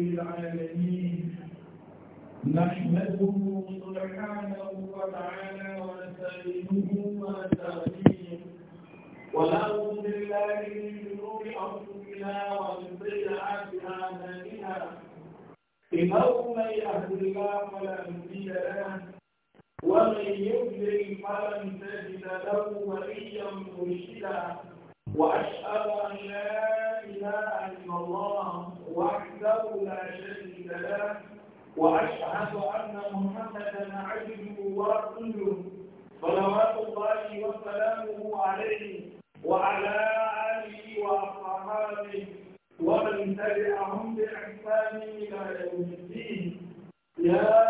العالمين نحمده سبحانه وتعالى ونستعينه ونستهديه ونعوذ بالله من شرور انفسنا ومن سيئات اعمالنا انه من يهد الله فلا مضل له ومن يضلل فلن تجد له وليا مرشدا وأشهد أن لا إله إلا الله وحده لا شريك له وأشهد أن محمدا عبده ورسوله صلوات الله وسلامه عليه وعلى آله وأصحابه ومن تبعهم بإحسان إلى يوم الدين يا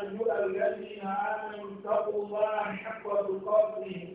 أيها الذين آمنوا اتقوا الله حق تقاته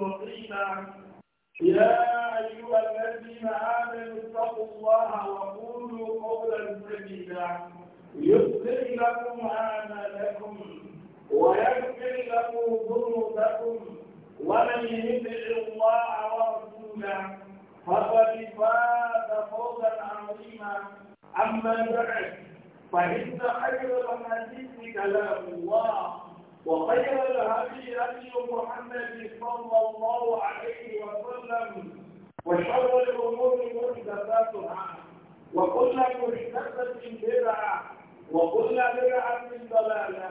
قولوا يا أيها الذين آمنوا اتقوا الله وقولوا قولا سديدا يغفر لكم أعمالكم ويغفر لكم ذنوبكم ومن يطع الله ورسوله فقد فاز فوزا عظيما أما بعد فإن خير الحديث كلام الله وخير الهدي هدي محمد صلى الله عليه وسلم وشر الامور محدثاتها وكل محدثه بدعه وكل بدعه ضلاله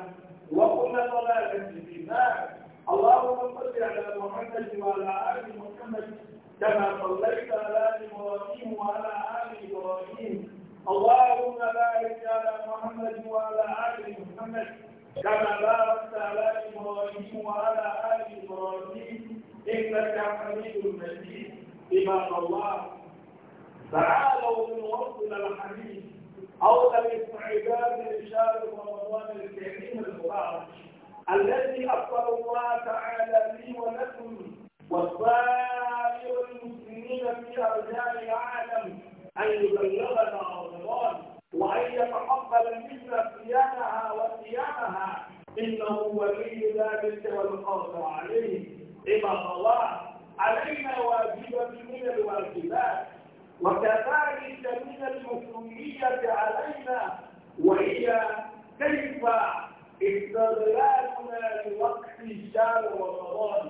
وكل ضلاله في النار اللهم صل على محمد وعلى ال محمد كما صليت على ال ابراهيم وعلى ال ابراهيم اللهم بارك على محمد وعلى ال محمد كما باركت على إبراهيم وعلى آل إبراهيم إنك حميد مجيد امام الله تعالوا من وصل الحديث أو الاستعداد لشهر رمضان الكريم المبارك الذي أفضل الله تعالى لي ولكم وسائر المسلمين في أرجاء العالم أن يبلغنا إنه ولي ذلك والقادر عليه إما الله علينا واجبا من الواجبات وكذلك من المسؤولية علينا وهي كيف استغلالنا لوقت الشهر رمضان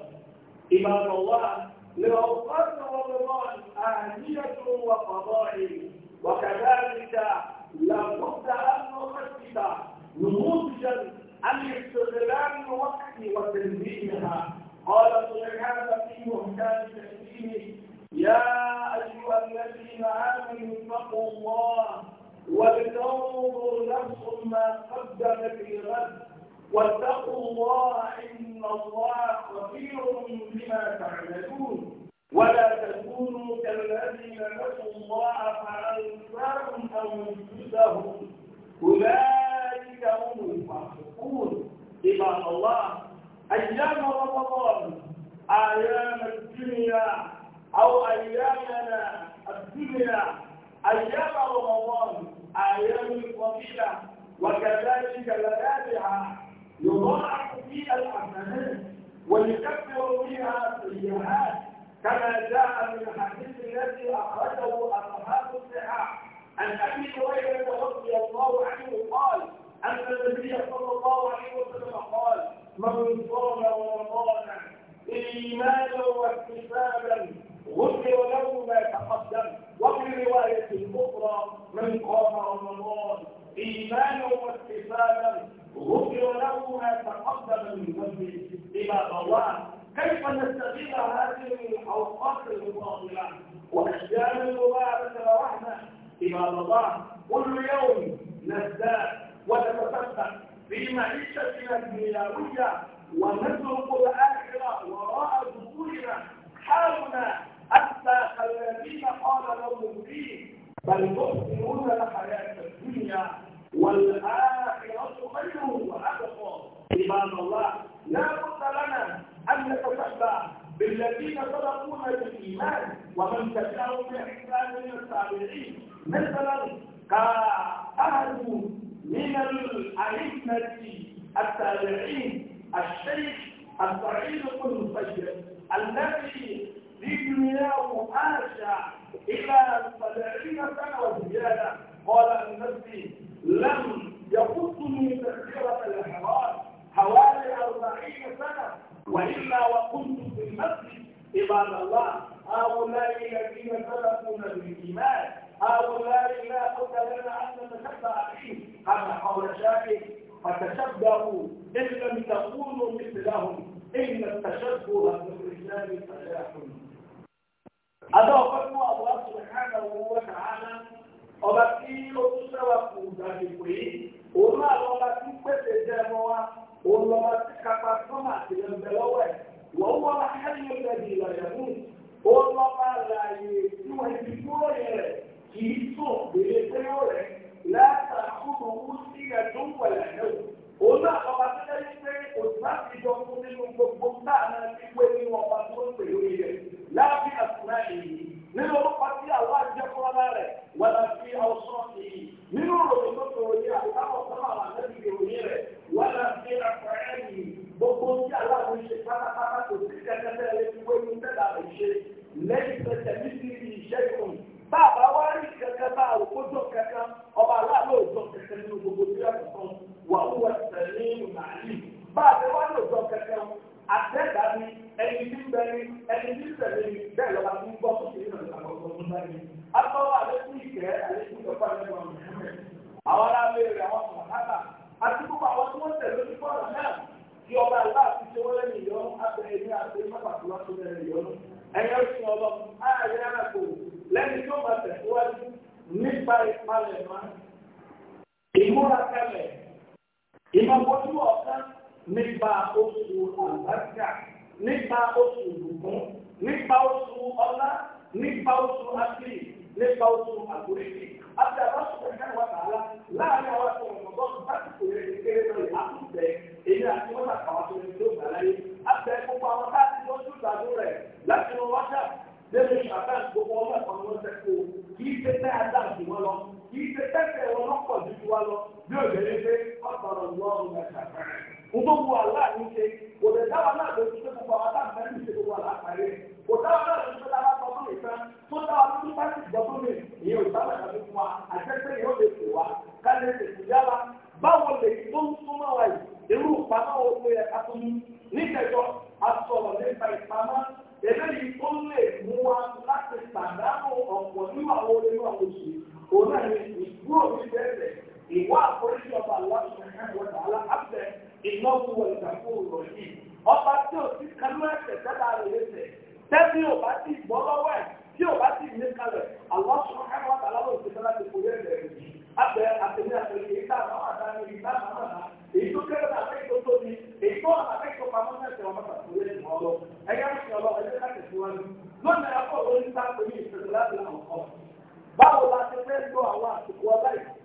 إمام الله لأوقات رمضان أهمية وفضائل وكذلك لابد أن نخفف نموذجا عن استغلال الوقت وتنزيهها قال سبحانه في محكام تشريعه يا ايها الذين امنوا اتقوا الله ولتنظر نفس ما قدمت لغد واتقوا الله ان الله خبير بما تعملون ولا تكونوا كالذين نسوا الله فانساهم انفسهم اولئك شاء الله أيام رمضان أيام الدنيا أو أيامنا الدنيا أيام رمضان أيام الفضيلة وكذلك لذاتها يضاعف فيها الحسنات ويكفر فيها السيئات كما جاء من الحديث الذي أخرجه أصحاب الصحة عن أبي هريرة رضي الله عنه قال أن النبي صلى الله عليه وسلم قال من صام رمضان إيمانا واحتسابا غفر له ما تقدم وفي رواية أخرى من قام رمضان إيمانا واحتسابا غفر له ما تقدم من ذنبه عباد الله كيف نستغل هذه الأوقات المفاضلة والأشجار المباركة ورحمة عباد الله كل يوم نزداد ونتصدق بمعيشتنا الدنيوية ونترك الآخرة وراء ظهورنا حالنا حتى الذين قال لهم فيه بل تؤمنون الحياة الدنيا والآخرة خير وأبقى عباد الله لا بد لنا أن نتشبع بالذين سبقونا بالإيمان ومن تبعهم عباد من التابعين مثلا كأهل الأئمة التابعين الشيخ السعيد بن المسيب الذي ذكرناه أرجع إلى سبعين سنة وزيادة قال النبي لم يخصني تذكرة الإحرام حوالي أربعين سنة وإلا وكنت في المسجد عباد الله هؤلاء الذين سبقونا بالإيمان هؤلاء لا بد لنا أن نتشبع بهم كما قول شاكر فتشبهوا إن لم تكونوا مثلهم إن التشبه بالرجال فلاح هذا هو الله سبحانه وتعالى ọba tí ó وما sábà kù dàbí pé òun náà lọ́ba tí pèsè jẹ́ àlùbáríkà nípa oṣù ìbùkún nípa oṣù ọlá nípa oṣù àkìlì nípa oṣù àgbóríkì àti àbáṣepọ̀ ìjà ìwà tààlà láàárín àwọn ẹ̀kọ́ ọ̀gbọ́n láti kò lè kéré lórí àtúntẹ̀ èyí àti wọ́n tàkà wá tó ní tó gbà láyé àti gbogbo àwọn káàdì lójú ìgbàdún rẹ̀ láti wọn wájà lẹ́nu ìṣàkà gbogbo ọmọ ẹ̀kọ́ ni wọ́n fẹ́ kó kì í ṣe tẹ́ adá wọn lọ kì ṣe tẹ́tẹ̀ wọn lọ́pọ̀ jù wọn lọ bí òjò yẹn pé ọ̀sán ọ̀gbọ́n ọ̀gbọ́n gbogbo àlá mi ṣe kò lè dáwà náà lè fi ṣe gbogbo àwọn táwọn ẹni ṣe gbogbo àlá àpàrẹ kò dáwà náà lè fi ṣe dáwà tó lè fẹ́ tó dáwà tó bá ti gbọ́ tó lè ìyẹn ò sábà tàbí fún wa àtẹ́tẹ́ yóò lè fò wá ká lè tètè yára báwo lè tó ń súnmọ́ wa yìí irú ìpamọ́ wo ló yẹ ká tó mú nígbẹ̀jọ́ a sọ̀rọ̀ nípa ìpamọ́ eléyìí tó lè mú wa láti pàdánù ọ̀pọ̀ nínú àwọn olóyún àwọn oṣù òun náà ní ìdúró ní bẹ́ẹ̀ ìwà àforíjì ọba aláṣọ ìhẹ́wọ̀n tààlà àbẹ̀ ìnáwó ìgbàgbọ́ òròyìn ọba tí ò sí kanú ẹ̀sẹ̀ tẹ́lá rẹ̀ lẹ́sẹ̀ tẹ́bí ò bá ti gbọ́ lọ́wọ́ ẹ̀ tí ò bá ti ní kalẹ̀ aláṣọ ìhẹ́wọ̀n tààlà ló ti tẹ́lá ti kúrẹ́ rẹ̀ abẹ́ àtẹ̀lé àtẹ̀lé èyí tá àwọn àdáni èyí tá àwọn àdá èyí tó kéré náà fẹ́ tó tóbi èyí tó àwọn afẹ́ tó pamọ́ náà tẹ̀ wọ́n bàtà kúrẹ́ rẹ̀ mọ́ lọ ẹ̀yà ń sọ̀rọ̀ ẹ̀yẹ́ láti síwájú lónìí akọ̀ lórí sáà pẹ̀lú ìṣẹ̀lẹ̀ láti àwọn ọ̀kọ́ báwo la ti fẹ́ lo àwọn àsìkò ọlá yìí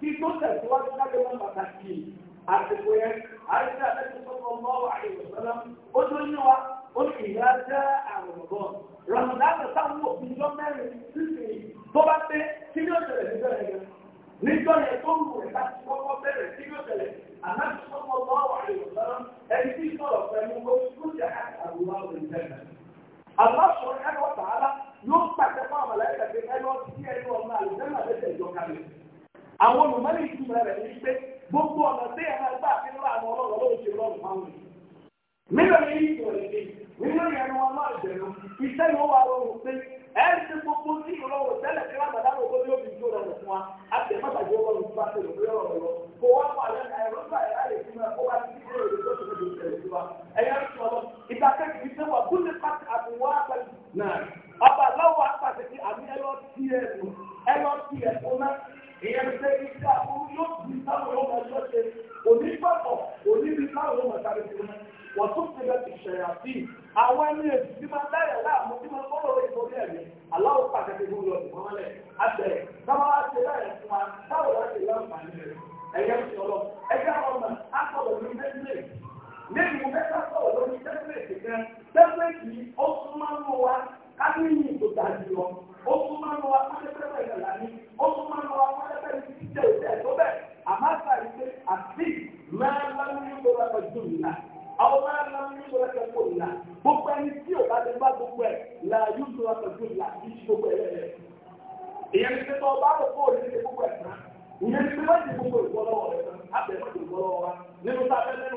kí tó tẹ̀síwájú lábẹ́ wọn pàtàkì àsìkò yẹn àìsí àtẹ́sí sọ́kọ̀ ọmọ àìwò sọ́lá ó tó ní wa ó sì yá jẹ́ àrùn ọ̀gọ́ rọ̀mùdáàbò sáwọn òfin jọ mẹ́rin sísè tó bá pé kí ni ó tẹ̀lẹ̀ níjọ́ yẹn níjọ́ yẹn tó ń wù ẹ̀ láti kọ́kọ́ bẹ̀rẹ̀ kí ni ó tẹ̀lẹ̀ àtẹ́sí sọ́kọ̀ ọmọ àìwò sọ́lá ẹni tí sọ̀rọ̀ pẹ̀lú oṣù jẹ́ àrùn ọ̀gọ́ àwọn olùmọ̀lẹ́ ìtumọ̀ rẹ̀ ní pé gbogbo ọ̀nà tí ẹ̀ máa gbà fi ńlá àwọn ọlọ́run ló ń ṣe lọ́rùn fáwọn èèyàn. mílíọ̀nù yìí kò lè dé mílíọ̀nù yẹn wọn máa jẹ̀rọ iṣẹ́ yóò wá rọrùn pé ẹ̀ ń ṣe gbogbo sí ìrọ̀rùn tẹ́lẹ̀ kí lábàdá ló kó yóò fi jó rọrùn fún wa á tẹ̀ má bàjẹ́ wọn lùtú àti ìlú yóò rọrùn lọ kó wá wà lẹ́nu ẹ̀rọ gbà ẹ̀rá lè fún ẹ kó wá sí ìlú èrè tó ṣe lè tẹ̀lé sí wa ẹ̀yà ń sọ lọ ìgbà kẹ́kì fi sẹ́wà kúndé pàtì àbúwá àpàlì náà ọba aláwọ̀ apàtẹ̀kì àbí ẹlọ́tì ẹ̀kọ́ náà ìyẹn ti ṣe iṣẹ́ àbúrú yóò di táwọn yóò máa yọ ṣe onígbàgbọ́ oníbi táwọn yóò máa sáré sí wọn wọ́n tún ti bẹ́ẹ̀ ti ṣẹ̀yà sí i àwọn ẹni èsì tí máa dáyà láàmú tí máa kọ́ lọ́wọ́ ìtọ́jú ẹ̀mí aláwọ̀ pàṣẹ ti gbogbo ọ̀dùn wọn lẹ̀ àtẹ̀rẹ̀ táwọn wá ṣe láyà fún wa táwọn wá ṣe láǹfààní rẹ̀ ẹ̀yẹ ń sọ lọ ẹgbẹ́ àwọn ọmọ akọ̀wé ní mẹ́tìlẹ̀ nínú mẹ́tà sọ̀rọ̀ lórí tẹ́tìlẹ̀ kábíyì kò dàbí lọ ó tún máa ń lọ afẹ́fẹ́fẹ́ ìrẹ̀lá ni ó tún máa ń lọ afẹ́fẹ́fẹ́ ìdíje ìdíje tó bẹ̀ àmọ́ sáré pé àti máa ń lọ ní ìgbòho ẹ̀kọ́ jù nìyà àwọn máa ń lọ ní ìgbòho ẹ̀kọ́ jù nìyà gbogbo ẹni tí ò bá ti bá gbogbo ẹ̀ là yóò tó ẹ̀kọ́ jù nìyà kí ṣe gbogbo ẹ̀ lẹ́yẹ. ìyẹn ti sọ bá rò kó o lè ṣe gbogbo ẹ̀ tán ìyẹn ti wá ti gbogbo ìgbọ́lọ́wọ́ rẹ̀ tán á bẹ̀rẹ̀ mọ́tò ìgbọ́lọ́wọ́ wa nínú sáfẹ́ nínú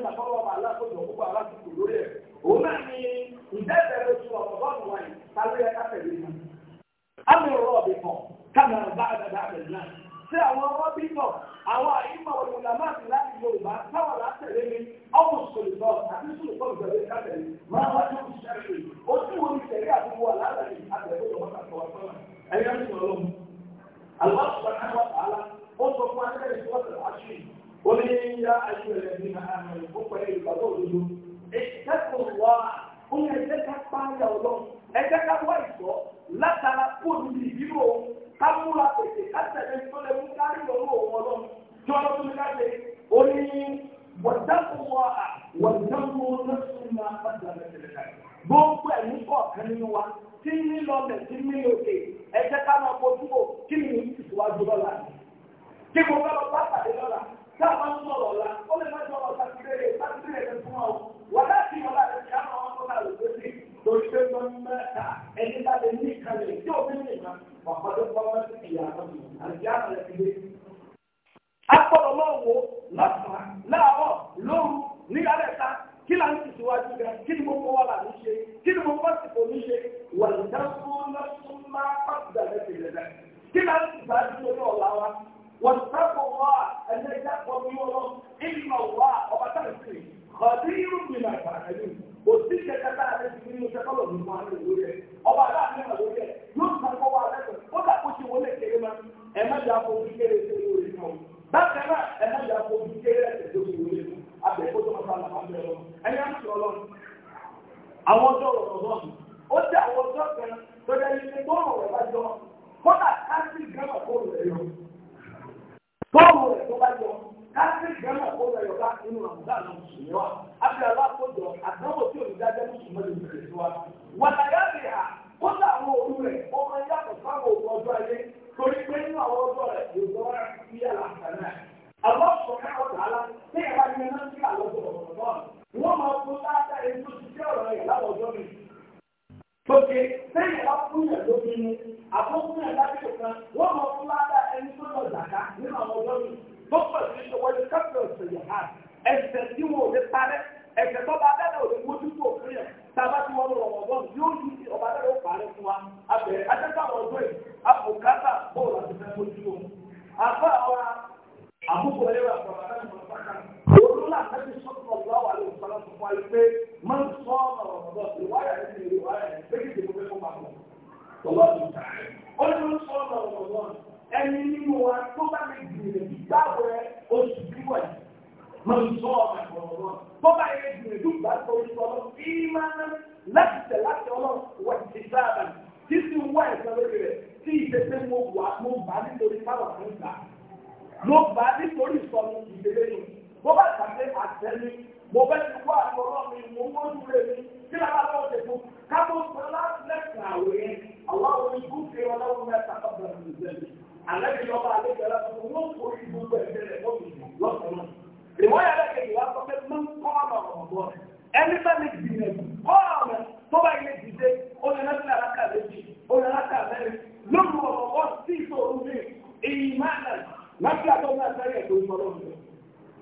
في معنى ما في أدونا سريع تقول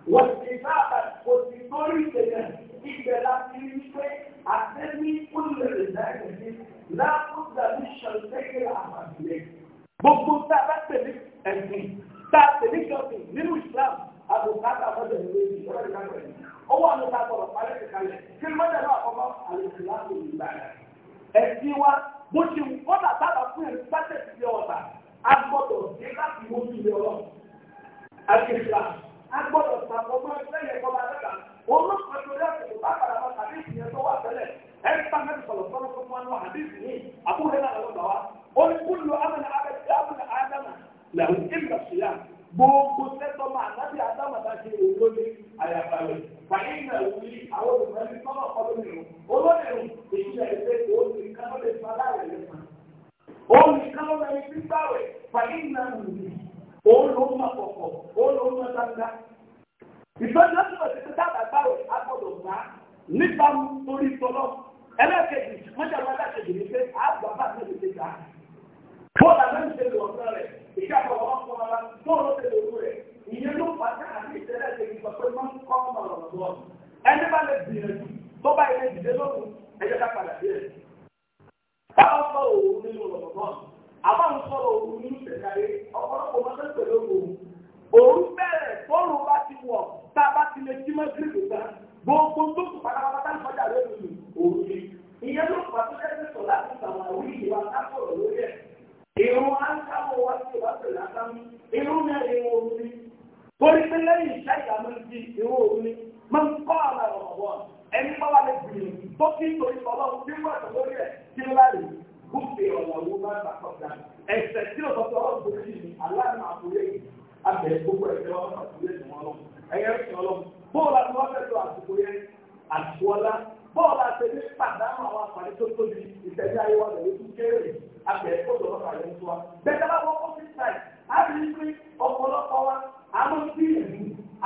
واتفاق Bọ́ọ̀lù àgbẹ̀mí ṣe lò ọ̀sán rẹ̀, ìjábọ̀ wọn fún ara, bọ́ọ̀lù ṣe lò rẹ̀, ìyẹn ló pàṣẹ àti ìṣẹ̀lẹ̀ ṣe ìgbà pé wọ́n ń kọ́ ọmọ ọ̀rọ̀ lọ. Ẹni bá A gbìyànjú, tó bá ilé ìdílé lóru, ẹjọ́ ká padà dé rẹ̀. Táwọn sọ òru nínú Rọ̀mọ̀bọ́n, àbáwọn sọ òru nínú ìṣẹ̀káyé, ọ̀pọ̀lọpọ̀ máa ń pẹ̀lú òru. Òru bẹ̀rẹ̀ tóru bá ti wọ̀, tá a bá ti lè jí mọ́ ìyẹn ló pàtó kẹ́kẹ́ sọ láti sàwọn àwọn ìlú wa ká sọ̀rọ̀ lórí ẹ̀. Ìrún aṣáwọ̀ wá sí ìwà pẹ̀lú àtàmú, ìrún náà ìrún òru ni. Torí pé lẹ́yìn iṣẹ́ ìdààmú di ìrún òru ni, máa ń kọ́ àmà ìrànwọ́. Ẹni bá wà lè gbìyànjú tó kí nítorí ọlọ́run bí wọ́n àtọ̀ lórí ẹ̀ kí ló láre. Gúúsì ọ̀làwó bá ń bàtọ̀ Ẹ̀sẹ̀ tí ò tọ́tọ́ ọ̀rọ̀ tó kì ní aláàánú àbúrẹ́ Abẹ gbogbo ẹ̀jẹ̀ ọlọ́run àbúrẹ́ bọ́ọ̀lù àtẹ̀lé pàdánù àwọn àǹfààní tó tóbi ìtẹ̀lé ayé wa lẹ́yìn tó kéré àbẹ̀ ó dọ̀rọ̀ fàyè ń tua. bẹ́ẹ̀ bá wọ́n kó sí ṣáì á rí i pé ọ̀pọ̀lọpọ̀ wa àmọ́ sí ìlú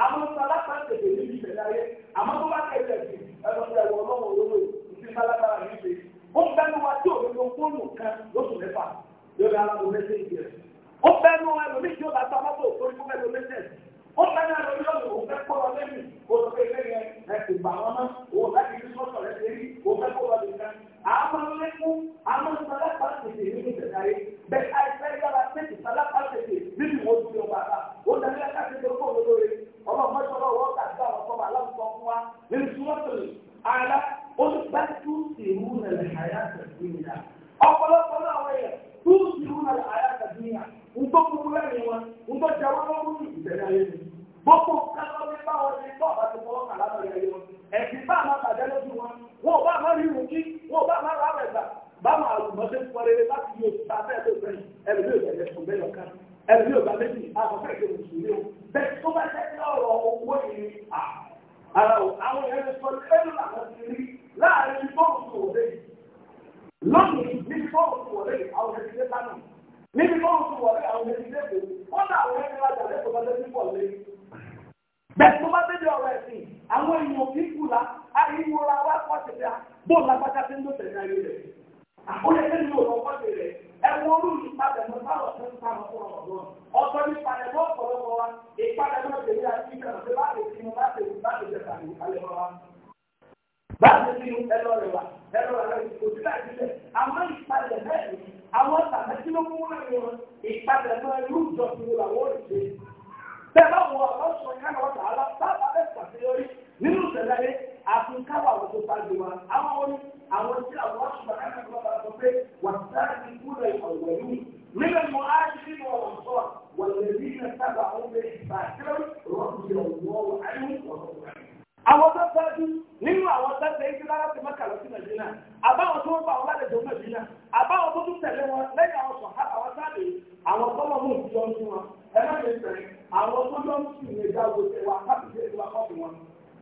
àmọ́ sálápá tètè níbi ìtẹ̀lé ayé àmọ́ tó bá kẹ̀lẹ̀ sí ẹ̀rọ ìyàwó ọlọ́run olówó ìdí sálápára mi ṣe. ó bẹnu wa tí òun lo fóònù kan lóṣù mẹ́fà lórí aláwo mẹ́sẹ̀ẹ́jì rẹ̀. ó bẹnu wa lómi tí ó bá tọ́ ó sáré àlọ́ yọ̀ lò ó fẹ́ kó lọ lẹ́yìn kó lọ pé lẹ́yìn ẹ̀ ti gbà wọn mọ́ òun láti rí sọ́sọ̀ rẹ̀ ṣe rí ó fẹ́ kó lọ lè ká. àmọ́ lẹ́kún àmọ́ sálápá tètè nínú ìtẹ̀sà rẹ̀ bẹ́ẹ̀ àìsẹ́ yára tètè sálápá tètè nínú ìwọ ti ọba àbá ó darí ẹ̀ka tètè ó kó lọ́dọ̀ rẹ̀ ọlọ́mọdé ọlọ́wọ́ ọ̀gá ti ń tó tẹ̀lé ayé rẹ̀. Àkóyè kí ni òun ọkọ ti rẹ̀? Ẹ wo olú yìí padàmọ́ báwọ̀ tó ń sáwọn fún ọ̀gbọ́n. Ọ̀tọ̀ ní padàmọ́ ọ̀pọ̀lọpọ̀ wa, ìpadàmọ́ tèmi àti ìkànnì bá lè fi mu láti bá lè jẹ̀ka ní ìkàlẹ̀ wa. Báyìí ti fi ẹlọ rẹ̀ wá, ẹlọ rẹ̀ rẹ̀ kò sí láti lẹ̀. Àmọ́ ìpadà bẹ́ẹ̀ àwọn tàbí tí nínú ìṣẹ̀lẹ̀ àfikáwà àwọn tó bá gbé wa àwọn oní àwọn tí àwọn aṣọ àkàkọ́ bá sọ pé wà sáàkì kúrò ìwọ̀wẹ̀ yìí nílẹ̀ mọ́ á ṣí ní ọ̀rọ̀ sọ wà lẹ́bí iná sábà ó lè gbà kílọ̀ rọ́ọ̀dì ọ̀wọ́ ayé ọ̀rọ̀ àwọn tó sáájú nínú àwọn tó ṣe ìṣẹ́ lára ti mọ́kà sí nàìjíríà àbáwọn tó bá wọn lálejò nàìjíríà àbáwọn tó tún tẹ̀lé wọn lẹ́yìn àwọn sọ̀há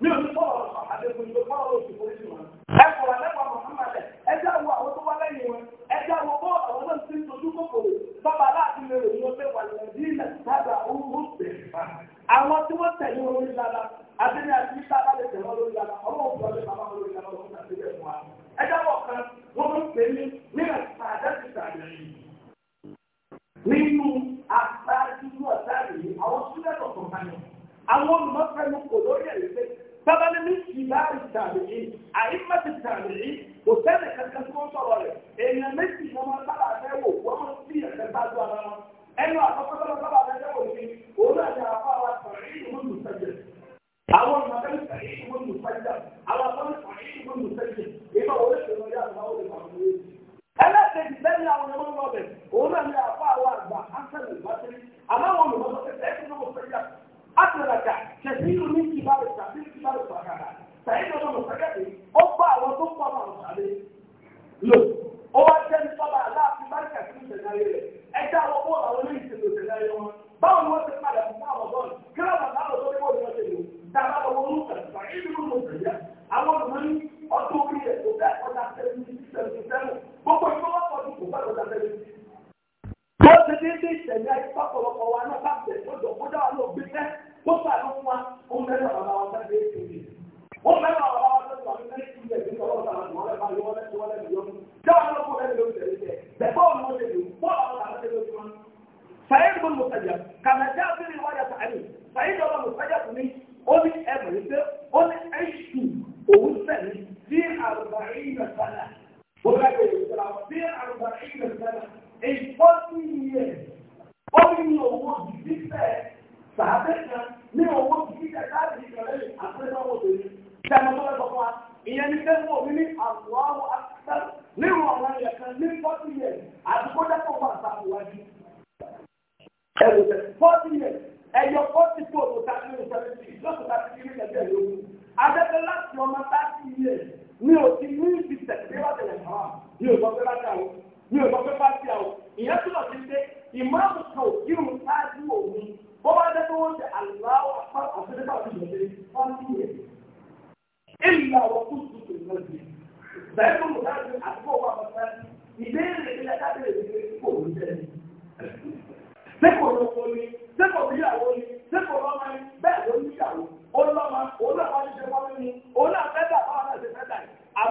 ní oṣù bọ́ọ̀lù àdéhùn ìlú bọ́ọ̀lù oṣù polisi wọn. ẹ kọ̀ọ̀rọ̀ lẹ́kọ̀ọ́ Muhammad ẹ jẹ́ àwọn àwọn tó wá lẹ́yìn wọn ẹ jẹ́ àwọn bọ́ọ̀lù àwọn náà ti lè tẹ̀lé wọn lórí dáadáa àti ní lè tẹ̀lé wọn lórí dáadáa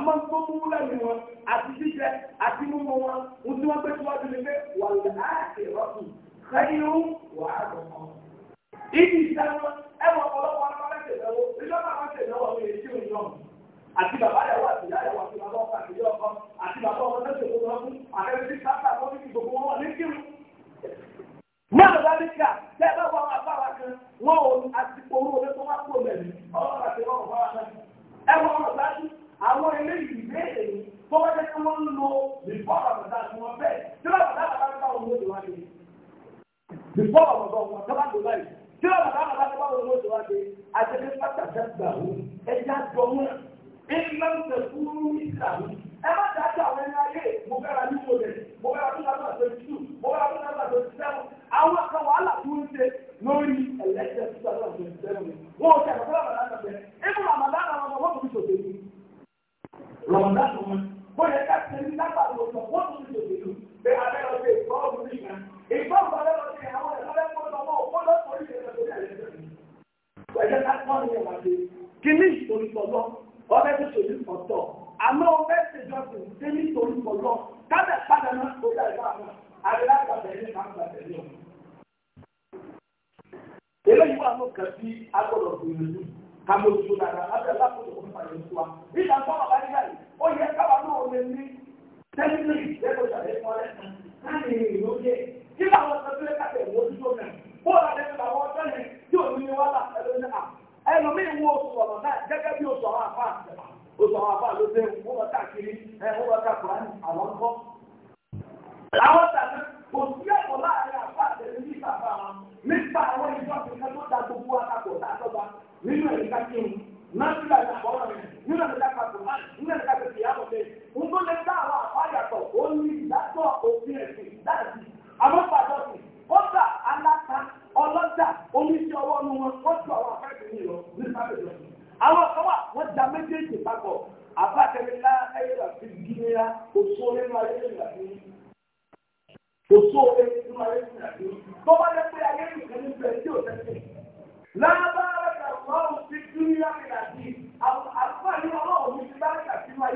máa ń tó mú lẹ́nu wọn àti Kìíní ìtòlùpọ̀lọ́, ọbẹ̀ tó ṣòlù ọ̀tọ̀. Àmọ́ ọbẹ̀ ṣèjọ́ sí ṣé ní ìtòlùpọ̀lọ́, kábẹ̀ padà náà tó dá ìgbà náà, àríwá àgbàbẹ̀ ní àgbàbẹ̀ ní ọ̀hún. Eléyìí wà ló kàn sí agbọ̀dọ̀ gbìyànjú, kàmójú dára, abẹ́ lápòjù fún ìpàdé wa. Nígbà tó wà láyé láyé, ó yẹ káwa náà lè ní tẹ́lifíì lẹ́kọ̀ọ́ ìṣàlẹ̀ mọ́lẹ̀ náà, láàrin ìlú yẹ. Kí làwọn ọ̀sán tó yẹ káfẹ̀ wọ́n tó náà? Bọ́ọ̀lù ò ní wàhálà ẹlòmíì wo oṣù ọ̀nà náà gẹ́gẹ́ bí oṣù àwọn àfáà oṣù àwọn àfáà ló dé wọ́n lọ káàkiri ẹ̀ wọ́n lọ káàkiri àwọn ń kọ́. àwọn tàbí kò sí ẹ̀kọ́ da gbogbo àtakò tá a tọ́ba nínú ẹ̀rí kákiri náà nígbà tí àbọ̀wọ̀ rẹ̀ nínú ẹ̀rí kákiri nínú ẹ̀rí kákiri yàtọ̀ pé n tó lè dá àwọn àfáà yàtọ̀ ó ní ọlọ́jà oníṣẹ́ ọwọ́ nu wọn wọ́n tún àwọn afẹ́fẹ́ yìí lọ ní sábẹ̀ àwọn kan wà wọ́n da méjèèjì papọ̀ àbákẹ́lẹ́lá ẹ̀yẹ́dà fi oṣù orí nínú ayé ìgbà tí oṣù ayé ìgbà tí tó bá ayé ìgbà tí tí ní ọlọ́run ti bá tí tí máa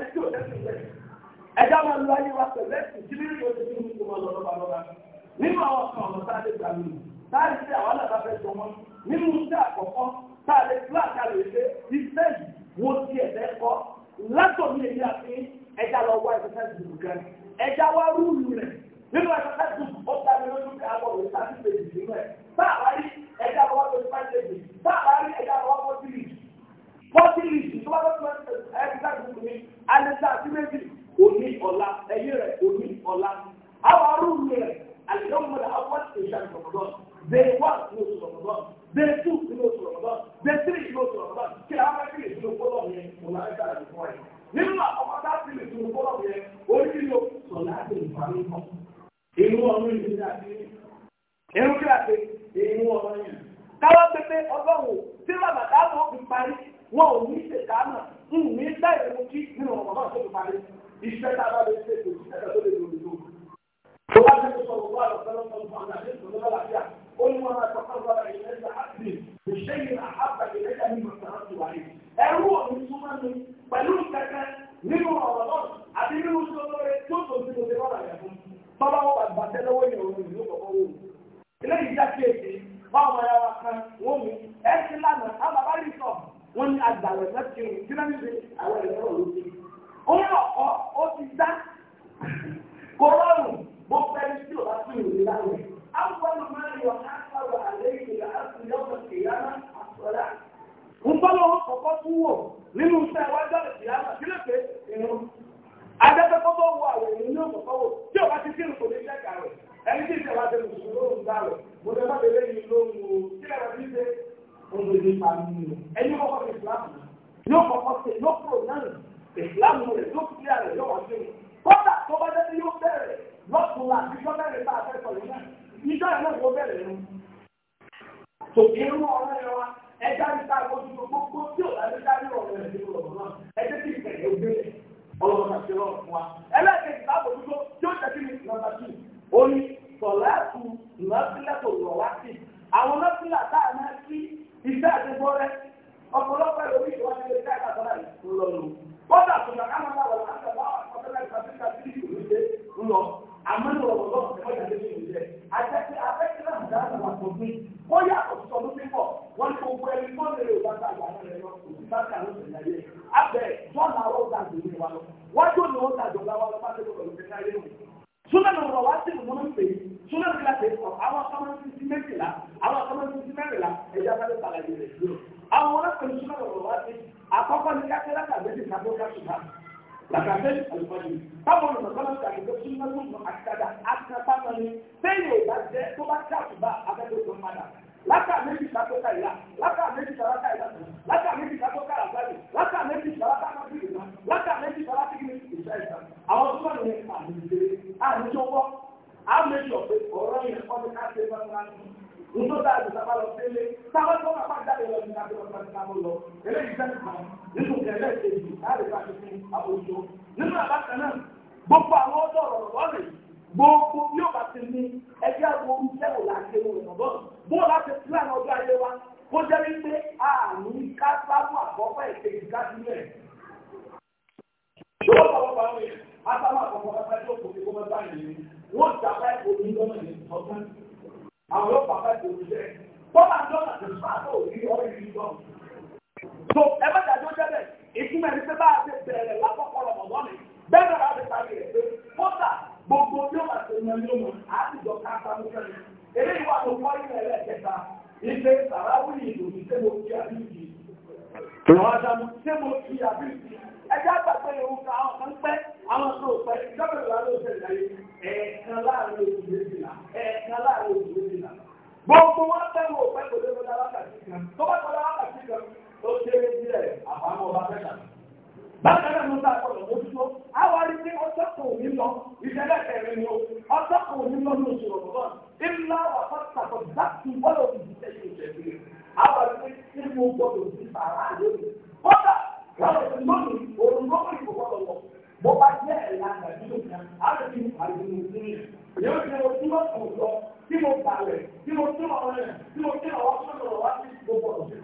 ayé wa pẹ̀lú ẹ̀sìn nínú láì sí àwọn alábàáfẹ́ jọ wọn nínú iṣẹ́ àkọ́kọ́ tá a lè tú àkàlẹ̀ ìṣe iṣẹ́ yìí wo ti ẹ̀fẹ́ kọ́ látọ̀mí èyí àti ẹja lọ wá ẹ̀fẹ́ dùdù kan ẹja wá rúùlù rẹ̀ nínú ẹ̀fẹ́ dùdù ó ta mi lójú ká bọ̀ lórí sáà ti bèjì nínú ẹ̀ tá a wá rí ẹja lọ wá lórí sáà ti bèjì tá a wá rí ẹja lọ wá fọ́tí rì fọ́tí rì tó bá lọ́ọ́ tó ẹ̀fẹ́ dùdù mi alẹ́sà sí méjì òní ọ̀la ẹ̀yẹ rẹ̀ òní ọ̀la àwọn arúgbó rẹ̀ àlẹ́ day one ní oṣù rọ̀mọ̀dán day two ní oṣù rọ̀mọ̀dán day three ní oṣù rọ̀mọ̀dán kí a máa kiri ìṣòro fọlọ́ yẹn ọ̀la ẹ̀ka àti fún ẹ̀. nínú àwọn bá ti lè ṣòro fọlọ́ yẹn orí nílò sọ̀lá àti ìfàmì kan. inú ọ̀run yìí ni àti inú kí àti inú ọ̀run yìí. káwá pépé ọgọ́rùn-ún tí bàbá táwọn ò fi parí wọn ò ní ṣe kò sí ẹ̀ka tó lè lò lò. Tó bá ti sọ̀rọ̀ sọ̀láàtù nọ́fílà tó lọ wá sí àwọn nọ́fílà tá a máa sí iṣẹ́ àti bọ́rẹ́ ọ̀pọ̀lọpọ̀ ìròyìn ìwádìí lè ká ìgbà sọ́dà lọ́lọ́run bọ́dà tó lọ ká máa bá pé àti àdìmùsílẹ̀. Yóò ṣe mo tí mo kù lọ, tí mo bàlẹ̀, tí mo tí mo rẹ̀, tí mo tí mo wá sọ̀rọ̀ wá sí gbogbo ọ̀sẹ̀.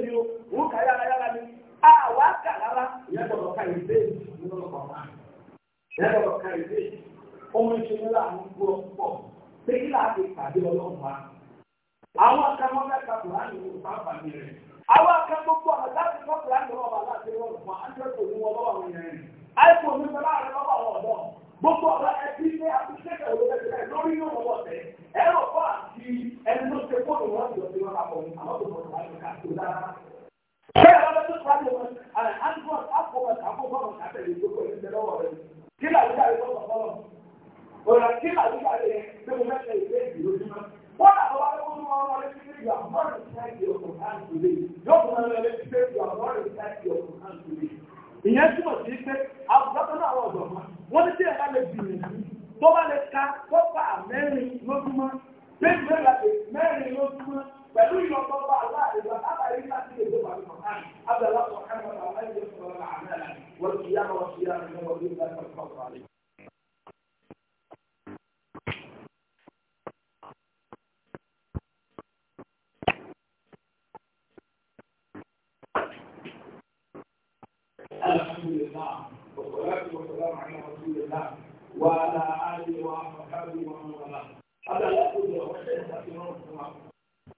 ilé a wà á kà rárá ìyẹn gbọ́dọ̀ ka ìdè ìyẹn gbọ́dọ̀ ka ìdè ọmọ ìṣẹ̀lẹ̀ làwọn gbọ́ pọ̀ pé kí láti pàdé ọlọ́run wa àwọn akẹ́kọ̀ọ́ mẹ́ta kò láti wọ sáfà ọrụ. rẹ̀ àwọn akẹ́kọ̀ọ́ láti kọ́ láti fún di ẹni tó ṣe fóònù wọn ti ọ̀sẹ̀ wọn àpọ̀ ní àwọn tó bọ̀rọ̀ láti ká tó dára. bẹ́ẹ̀ ọ̀rọ̀ tó tó wáyé wọn àrẹ andros àpòwọ̀n àpòwọ̀n àtẹ̀lé ìjókòó ní ìjẹ́ lọ́wọ́ rẹ̀ kí làwọn ìjà lè gbìyànjú tó bá lè ka kọ́pà mẹ́rin lójúmọ́ bẹ́ẹ̀ láti mẹ́rin ló túmọ̀ pẹ̀lú ìyọ̀kọ́ bá aláìlá àbáyé láti lè dé wàlú kọ̀ọ̀kan abẹ́lá kọ̀ọ̀kan wọn àwọn ẹ̀yẹ sọ̀rọ̀ làánà wọ́n ti yá wọn sí yá nínú ọdún ìgbà tó kọ̀ wálé. الحمد لله والصلاة والسلام على رسول الله وعلى آله وصحبه ومن والاه abẹ́rẹ́ àkójọ ọ̀ṣẹ́ ìgbàgbé rọrùn fún wa.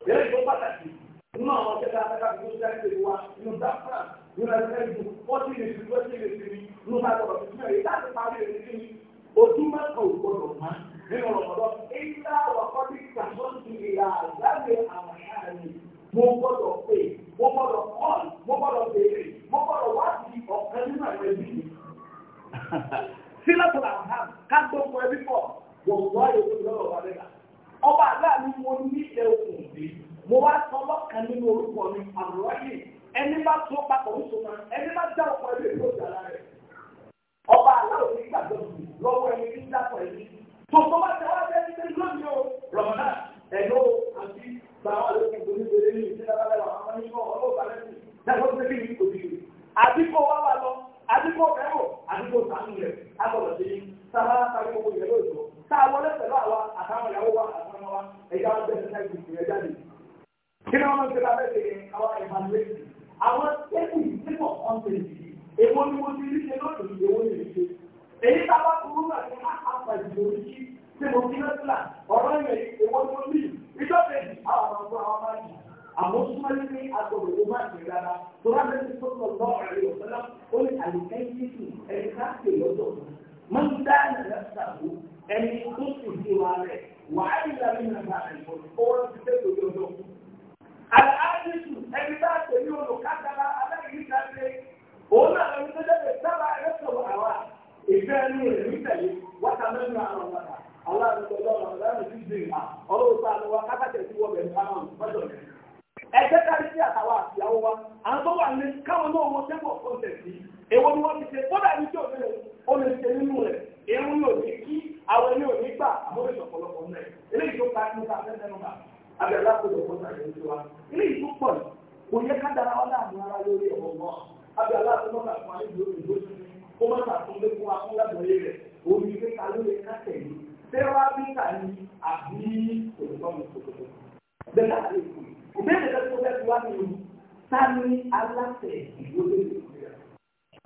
Ìyá ìgbó pàtàkì nínú àwọn ọ̀ṣẹ́ta afẹ́ká tó ń sáré wa nínú dáfà nínú ẹgbẹ́ ìgbó fọ́tí lè fi fọ́tí lè fi nínú bá tọ̀rọ̀ káwọn ìjọba bẹ́ẹ̀ ṣe àwọn ìbànújẹ́ àwọn tẹ́kùn ìpínlẹ̀ olùkọ́ni kòtòkò. Bẹ́ẹ̀ni àti ìlú, ìbéèrè lọ́sí tó fẹ́ fi wá nínú ta ni aláṣẹ ìlú olóyè Nàìjíríà.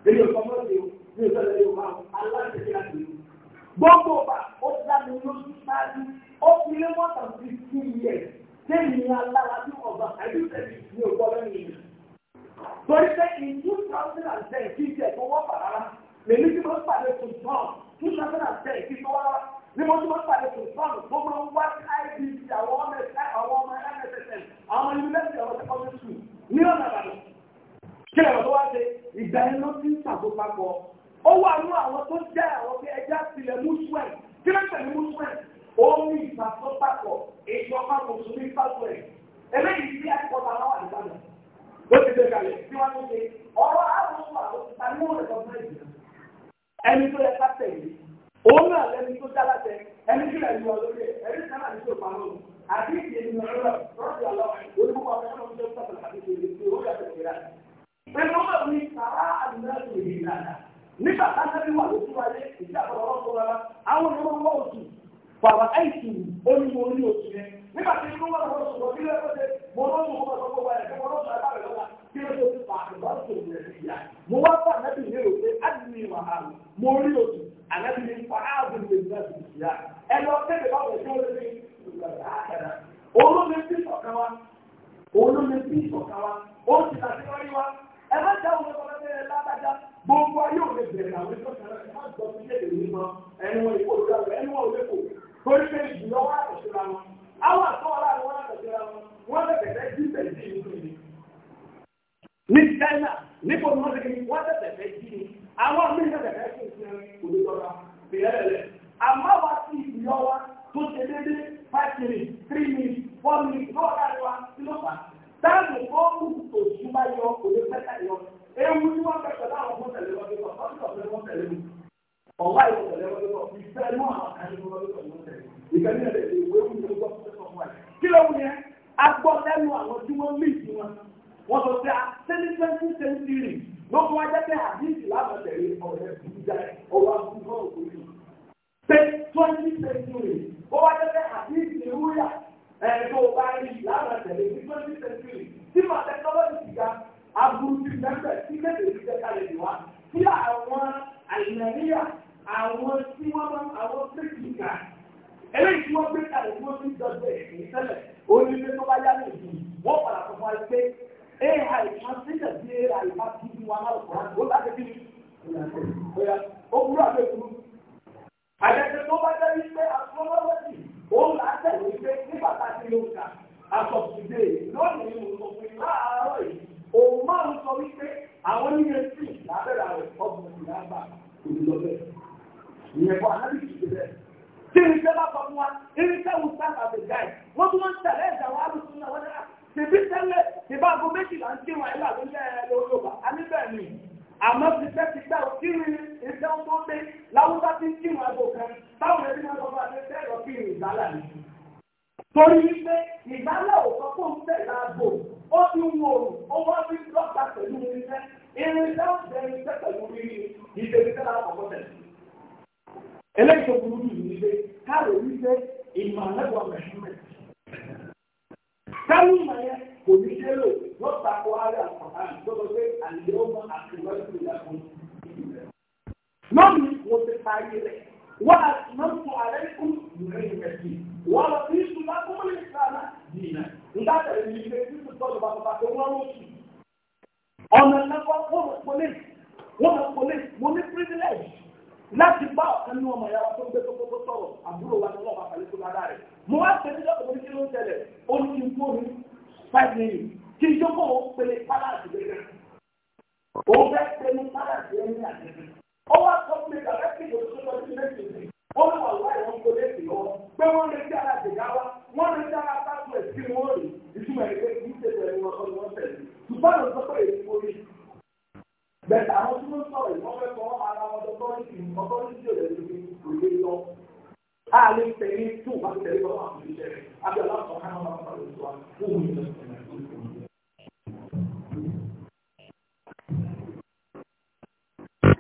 Èmi ò sọ mọ́ sí o, mi ò sọ lẹ́yìn o máa aláṣẹ kí á dùn. Gbogbo ọba ó dá mi lójú sáájú, ó fi lé mọ́tà sí sí ilẹ̀ sẹ́yìn alára tí ọba àdúgbẹ̀bí ní òkú ọlọ́run yìí. Torí pé in two thousand and ten kí n jẹ́ ìfowópamọ́ rárá, lèmi tí mo ń pàdé tuntun two thousand and ten kí n tó wá rárá ní mo tún bá pàdé tó sọ́ọ̀nù tó máa ń wá IBC àwọn ọmọ ẹ̀ka àwọn ọmọ MSSN àwọn ọmọ yunifásitì àwọn secondary school ní ọ̀nà àbàdàn kí lè wọ́n wá ṣe ìgbà yẹn ló ti ń ṣàkópapọ̀ ó wà ní àwọn tó jẹ́ àwọn bí ẹja tilẹ̀ musuẹ̀ kí lè pẹ̀lú musuẹ̀ ó ní ìfàsọ́papọ̀ ìjọba kò sún ní fásitì eléyìí sí àkọ́tà àwọn àdìgbàdàn ló ti dé kalẹ̀ tí wọ́n ti ṣe ọ̀rọ̀ àwọn ọmọ àwọn ìtàn òun náà lẹ́ni tó dá láti ẹni tí ẹni wà lórí ẹni tí náà ní tó pa lóru àti ìdí ẹni náà lọ rọ́ọ̀dì àlọ́ olùkọ́ àwọn ẹ̀rọ tó sọ̀tọ̀ àti ìdí tí ó yàtọ̀ ìgbéra. ẹnu náà ní sàrà àdúrà tó yìí dáadáa nígbà kánábí wà lójú ayé ìdí àkọlọ́wọ́ tó rárá àwọn ọmọ wọn oṣù bàbá àìsù onímọ̀ oní oṣù yẹn nígbà tí inú wọn lọ́wọ́ sọ̀rọ̀ bí lẹ́kọ̀ọ́sẹ̀ mo lọ́wọ́ mo lọ́wọ́ sọ̀rọ̀ báyìí mo lọ́wọ́ sọ̀rọ̀ báyìí lọ́wọ́ kí ló tó ti pa àgbà tó rẹ̀ sí ìyá mo wá bá àgbẹ̀bí ní òṣè àdìmí wàhálà mo rí oṣù ànábi ní fa áàbùn lè gbà sí ìyá ẹ lọ kéde báwo ṣé ó lè fi ìgbà àkàrà olómi sí ìṣọ̀kan wa olómi sí ìṣọ̀kan wa ó ti ta sí wáyé wa ẹ má já òun lọ́kọ́ lọ́sẹ̀ lábájá gbogbo ayé òun lè bẹ̀rẹ̀ àwọn ìṣọ̀kan rẹ̀ ẹ má gbọ́ sí ilé ìwé mọ́ ẹni wọn ìkó òdúrà rẹ̀ ẹni wọn òde kò torí pé ìjùlọ́wọ́ àtẹ̀síra wọn àwọn àtọ́wọ́lá àwọn àtẹ̀síra wọn wọ́n bẹ̀rẹ̀ jí bẹ̀rẹ̀ jí ní China níbo ni wọ́n ti kí wọ́n tẹ̀sẹ̀ fẹ́ jí ni àwọn mílíọ̀nù ẹ̀fẹ́ sì ń sin olùdọ́ra bìrẹ́lẹ̀ àmọ́ wa ti ìyọ́ wa tó ṣe dédé five minutes three minutes four minutes lọ́wọ́ láàrin wa sí ló fà táàmù fọ́ọ̀mù òṣù bá yọ kò lè fẹ́ ká yọ ewu tí wọ́n fẹ́ pẹ̀lú àwọn ọmọ tẹ̀lé wọn lọ́wọ́ ọ̀sẹ̀ wọn tẹ̀lé wọn ọ̀wá ìwọ̀n tẹ̀lé wọn lọ́wọ́ ìfẹ́ inú àwọn kan ní wọn lọ́wọ́ ìwọ̀n tẹ̀lé ìgbẹ́ni ẹ̀rẹ́ ìwé wù ní ọgbọ́n tó tẹ̀ sọ fún wa kí ló wù yẹn agbọ́ lẹ́nu àwọn tí wọ́n lè wọ́n sọ pé sẹ́ni ah, twenty century ló fún wa jẹ́ pé àdìsí lábàtẹ̀lé ọ̀rẹ́ bùjá ọwọ́ àbúrò òkúrú pé twenty century ó wá jẹ́ pé àdìsí ewúrẹ́ ẹ̀ẹ́dọ́ bá rí lábàtẹ̀lé ní twenty century tí màá tẹ́kọ́lọ́dì ti ga aburú ti dẹ́gbẹ̀ẹ́ eléyìí tó burú jù ní pé káàlù rí pé ìmọ̀ àlẹ́wà mẹ́hìnmẹ́. káàlù ìmọ̀ yẹn kò ní ṣe lò wọ́n tako ara àpàtà lọ́wọ́ pé àlè ọmọ àtìwájú ìyàwó. lọ́ọ̀nù wo ti parí rẹ̀ wọ́n á máa ń fọ àlẹ́ kú ìrìn ìrẹsì wọ́n lọ sí ìṣúná kó lè sára dìínà. nígbà tẹ̀lé ní ilé tí tó tọ́lù bàbá tó wọ́n ló sùn. ọ̀nà ẹ̀kọ́ wọ́n mọ̀ láti bá ọ̀kan ní ọmọ ìyá wa tó ń gbé kókó sọ̀rọ̀ àbúrò wa ní wọn bá kàlẹ́ tó lára rẹ̀ mo wá ṣe ní lọ́kọ̀ọ́ kí ló ń tẹ̀lẹ̀ ó ní kí n kó mi five million kí n jókòó ó pele palace gẹ́gẹ́ ó fẹ́ pele palace yẹn ní àgbẹ̀gẹ́ ó wá sọ fún mi kàfẹ́ kí n kò tó lọ sí lẹ́sìn mi ó ní wà láì wọn kó lẹ́sìn lọ pé wọ́n lè dí ara jẹ̀gá wa wọ́n lè dí ara pásítọ̀ bẹ́ẹ̀ àwọn tí wọ́n sọ̀rọ̀ ìwọ́n fẹ́ fọ́ ara wọn tó tọ́lí sí ọtọ́lí sí òde tó fi òde lọ. a lè tẹ̀lé tó bá tẹ̀lé lọ́wọ́ àwọn òṣìṣẹ́ rẹ̀ sọ̀rọ̀ káwọn máa ń sọ̀rọ̀ fún òun